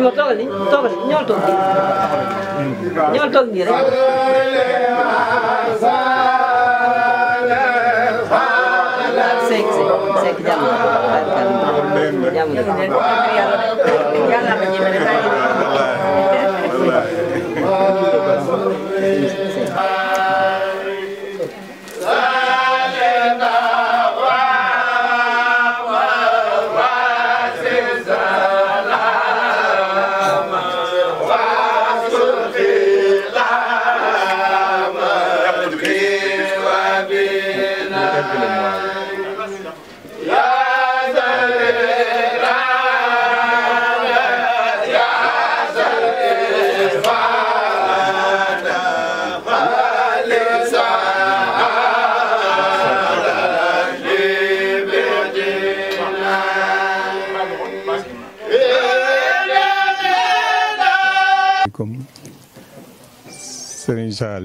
Habib ma toogal nii toogal nii ñëwal toog nii ñëwal toog nii rek. jàmm jàmm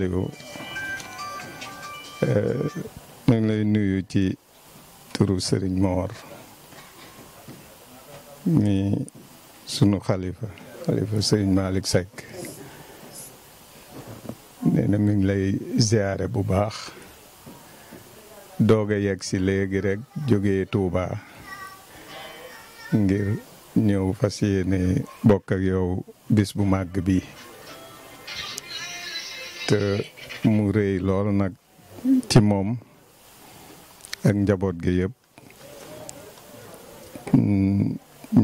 Diego euh, maa lay nuyu ci turu Serigne Mor mi sunu xalifa xalifa Serigne Malick Seck nee na lay ziare bu baax doog a yegg si léegi rekk jógee Touba ngir ñëw fas yéene bokk ak yow bis bu màgg bi te mu rëy lool nag ci moom ak njaboot gi yëpp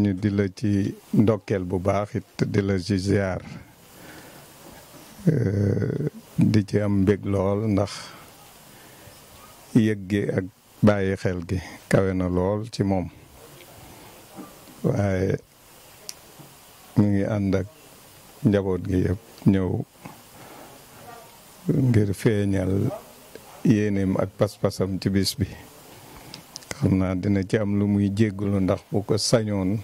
ñu di la ci ndokkeel bu baax it di la ci ziar di ci am mbég lool ndax yëg gi ak bàyyi xel gi kawe na lool ci moom waaye mu ngi ànd ak njaboot gi yëpp ñëw ngir feeñal yéeneem ak paspasam pasam ci bis bi xam naa dina ci am lu muy jéggulu ndax bu ko sañoon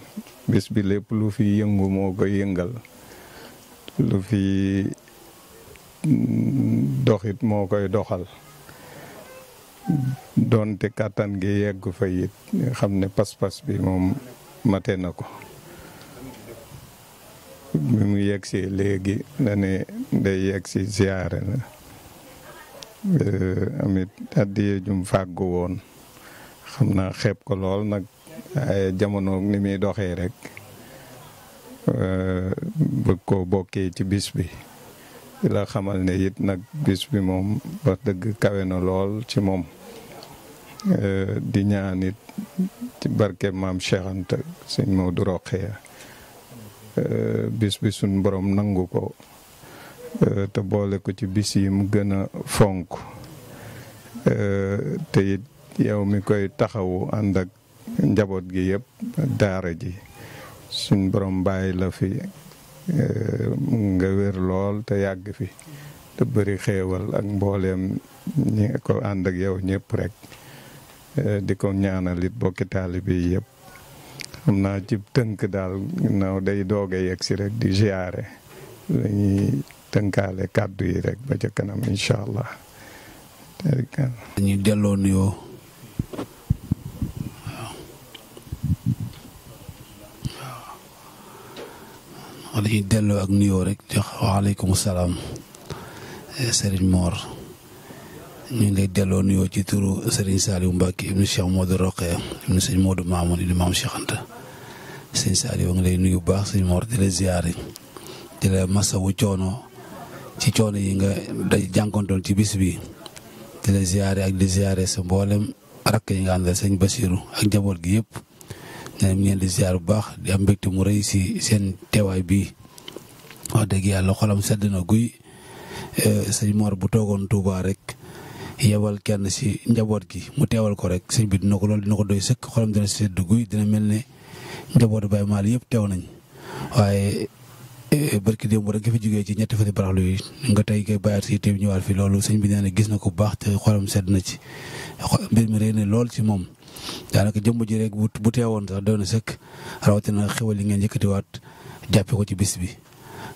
bis bi lépp lu fi yëngu moo ko yëngal lu fi doxit moo koy doxal doonte kàttan gi yeggu fa it xam ne pas-pas bi moom mate na ko bi mu yegg léegi la ne day yegg si ziyaare la euh, amit addiye jum fàggu woon xam naa xeeb ko lool nag a jamono ni muy doxee rek euh, bëgg koo bokkee ci bis bi di la xamal ne it nag bis bi moom wax dëgg kawe na lool ci moom euh, di ñaan it ci barke maam Cheikh Anta sëñ Maodo Roqeya Eh, bis bisun suñ borom nangu ko eh, te boole ko ci bis yi mu gën a fonk eh, te it yow mi koy taxawu ànd ak njaboot gi yëpp daara ji suñ borom bàyyi la fi nga wér lool te yàgg fi te bëri xéewal ak mbooleem ñi ko ànd ak yow ñëpp rek di ko ñaanal it bokki taalibe yëpp naa ci tënk daal ginnaaw day doog a yegg si rek di ziare la tënkaale kàddu yi rek ba ca kanam allah. dañuy delloo nuyoo waaw dañuy delloo ak nuyoo rek jox waaleykum salaam eh, Serigne Mor ñu lay delloo nuyoo ci turu Serigne Saliou Mbacke ibnu Cheikh Modou Rokhaya ibnu Serigne Modou Mamoun ibnu Maam Cheikh Anta sëñ Saliou ngi lay nuyu bu baax sëñ moor di la ziyaare di la masawu coono ci coono yi nga day jànkontoon ci bis bi di la ak di sa mboolem rakk yi nga àndal sëñ Basiru ak njaboot gi yëpp ne ngeen di ziyaar bu baax di am mbégte mu rëy si seen teewaay bi wax dëgg yàlla xolam sedd na guy eh, sëñ Mor bu toogoon Touba rek yebal kenn si njaboot gi mu teewal ko rek sëñ bi dina ko loolu dina ko doy sëkk xolam dina sedd guy dina mel ne njabootu Baye Maal yëpp teew nañ waaye eh, barki démb rek nga fi jógee ci ñetti fati baraxlu yi nga tey koy bàyyaat si te ñëwaat fi loolu sëñ bi nee na gis na ko bu baax te xolam sedd na ci mbir mi rëy na lool ci moom daanaka jëmm ji rek bu teewoon sax doon na sëkk rawatina xewal li ngeen yëkkatiwaat jàppe ko ci bis bi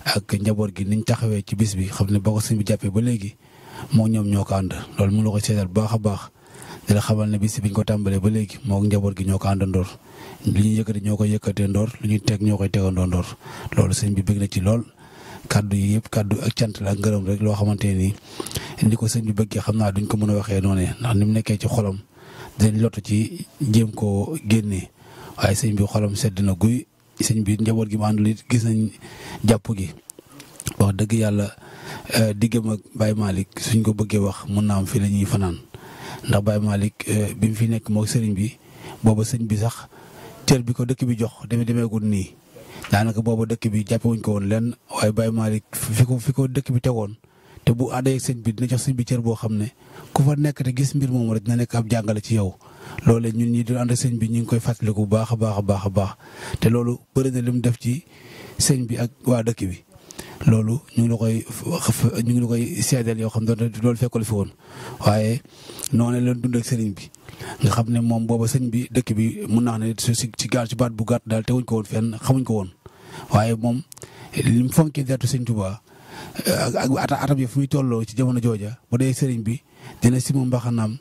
ak njaboot gi niñ taxawee ci bis bi xam ne boo ko sëñ bi jàppee ba léegi moo ñoom ñoo ko ànd loolu mu la ko seetal bu baax a baax di la xamal ne bis biñ ko tàmbalee ba léegi moog njaboot gi ñoo ko àndandoor li ñuy yëkkati ñoo koy yëkkatee ndoor lu ñuy teg ñoo koy tegandoo ndoor loolu sëñ bi bëgg na ci lool kàddu yi yëpp kàddu ak cant la ak ngërëm rek loo xamante ne nii indi ko sëñ bi bëggee xam naa duñ ko mën a waxee noonu ndax ni mu nekkee ci xolom dañ lottu ci jéem koo génnee waaye sëñ bi xolom sedd na guy sëñ bi njaboot gi mu àndul it gis nañ jàpp gi wax dëgg yàlla eh, diggam ak Baye Malick suñ ko bëggee wax mën naa am fii la ñuy fanaan ndax Baye Malick euh, bi mu fi nekk moo sëriñ bi booba sëñ bi sax cër bi ko dëkk bi jox demee demeegul nii daanaka booba dëkk bi jàppewuñ ko woon lenn waaye baay Malick fi ko fi ko dëkk bi woon te bu àndee ak sëñ bi dina jox sëñ bi cër boo xam ne ku fa nekk te gis mbir moomu rek dina nekk ab jàngale ci yow loole ñun ñi doon ànd ak sëñ bi ñu ngi koy fàttaliku bu baax a baax a baax a baax te loolu bëri na li mu def ci sëñ bi ak waa dëkk bi loolu ñu ngi la koy ñu ngi la koy seedeel yoo xam ne loolu fekkul fi woon waaye noonu la dund ak sëriñ bi nga xam ne moom booba sëñ bi dëkk bi mun naa ne si ci gaal baat bu gàtt daal teguñ ko woon fenn xamuñ ko woon. waaye moom li mu fonkee dertu sëñ Tuubaa ak ata atam yi fu muy tolloo ci jamono jooja bu dee sëriñ bi dina si moom mbaxanaam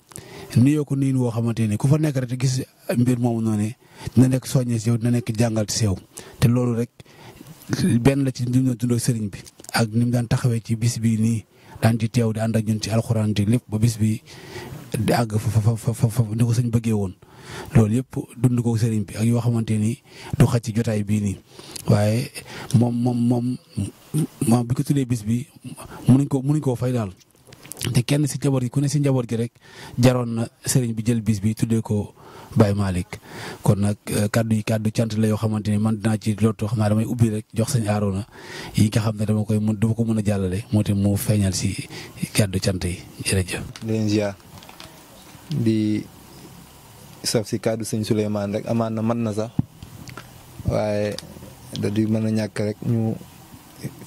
nuyoo ko niinu woo xamante ni ku fa nekk rek gis mbir moomu noonu dina nekk soññee si yow dina nekk jàngal si yow te loolu rek. benn la ci ni mu doon dundoo sëriñ bi ak ni mu daan taxawee ci bis bii nii daan ci teew di ànd ak ñun ci alxuraan di lépp ba bis bi di àgg fa fa fa ni ko bëggee woon loolu yëpp dund ko sëriñ bi ak yoo xamante ni du xaj ci jotaay bii nii waaye moom moom moom moom bi ko tuddee bis bi nuñ ko mënuñ koo fay daal te kenn si njaboot gi ku ne si njaboot gi rek jaroon na sëriñ bi jël bis bi tuddee ko. Baye Malick kon nag euh, kàddu yi kàddu cant la yoo xamante ni man dinaa ci lottu xam naa damay ubbi rek jox sëñ Arouna yi nga xam ne dama koy mën dama ko mën a jàllale moo tax mu feeñal si kàddu cant yi jërëjëf. leen si kàddu sëñ Souleymane rek amaan na man na sax waaye mën a ñàkk rek ñu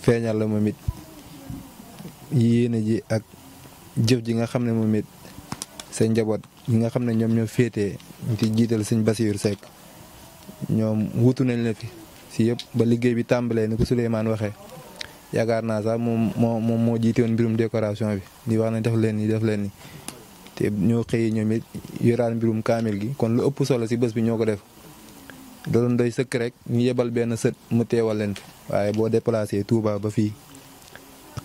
feeñal la moom it yéene ji ak jëf ji nga xam ne moom it seen njaboot yi nga xam ne ñoom ñoo féetee ci jiital sëñ Basiir Seck ñoom wutu nañ la fi si yëpp ba liggéey bi tàmbalee ni ko Souleymane waxee yaakaar naa sax moom moo moom moo jiite mbirum décoration bi di wax ne def leen ni def te ñoo xëyee ñoom it yoraan mbirum kaamil gi kon lu ëpp solo si bës bi ñoo ko def doon doy sëkk rek ñu yebal benn sët mu teewal leen fi waaye boo déplacé Touba ba fii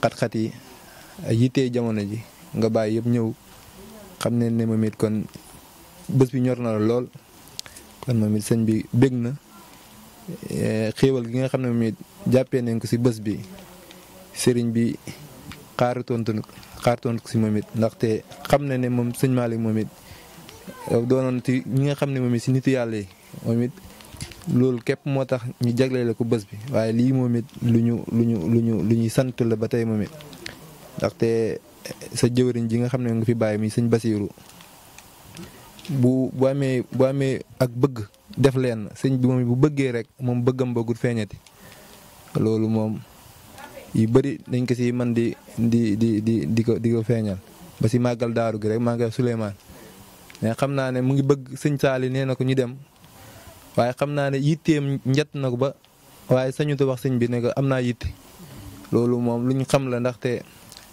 xat-xat yi yittee jamono ji nga bàyyi yëpp ñëw xam ne ne moom kon bës bi ñor na la lool kon moom sëñ bi bég na eh, xéewal gi nga xam ne moom it jàppee nañ ko si bës bi sëriñ bi xaaratoon xaaratoon ko si moomit ndaxte xam na ne moom sëñ Malick moom it eh, doonoon nga xam ne moom it si nitu yàlla yi moom it loolu képp moo tax ñu jagleel ko bës bi waaye lii moomit lu ñu lu ñu lu ñu lu ñuy sant la ba tey moom ndaxte sa jëwriñ ji nga xam ne nga fi bàyyi mi sëñ Basiiru bu bu amee bu amee ak bëgg def leen sëñ bi moom bu bëggee rek moom bëggam bëggul feeñati loolu moom yu bëri dañ ko si man di di di di di ko di ko feeñal ba si màggal daaru gi rek maa ngi Souleymane mais xam naa ne mu ngi bëgg sëñ Saali nee na ko ñu dem waaye xam naa ne yitteem njett na ko ba waaye sañuta wax sëñ bi ne ko am naa yitte loolu moom lu ñu xam la ndaxte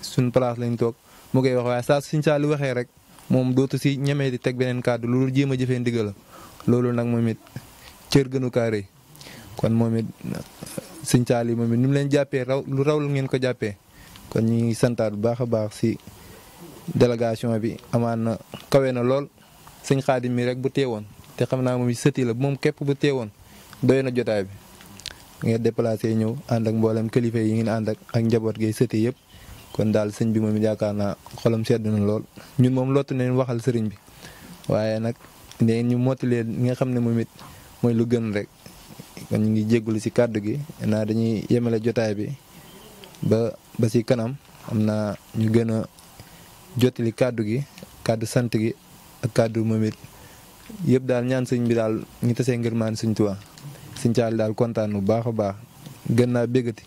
suñ place lañ toog mu koy wax waaye saa sëñ Saali waxee rek moom dootu si ñemee di teg beneen kàddu loolu jéem a jëfee la loolu nag moom it cër gënu kaa kon moom it sëñ Saali moom it ni mu leen jàppee raw lu raw lu ngeen ko jàppee kon ñu ngi santaat bu baax a baax si délégation bi amaan na kawe na lool sëñ xaadim mi rek bu teewoon te xam naa moom sëti la moom képp bu teewoon doy na jotaay bi nga déplacé ñëw ànd ak mboolem kilifa yi ngeen ànd ak njaboot gi sëti yëpp. kon daal sëñ bi moom yaakaar naa xolam sedd na lool ñun moom lottu nañ waxal sëriñ bi waaye nag nee ñu mootileen li nga xam ne moom it mooy lu gën rek kon ñu ngi jéggulu si kàddu gi naa dañuy yemale jotaay bi ba ba si kanam am naa ñu gën a jottali kàddu gi kàddu sant gi ak kàddu moom yëpp daal ñaan sëñ bi daal ñu tasee ngir maan sëñ Tuubaa sëñ Caali daal kontaan bu baax a baax gën naa béggati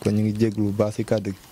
kon ñu ngi jégglu bu baax si kàddu gi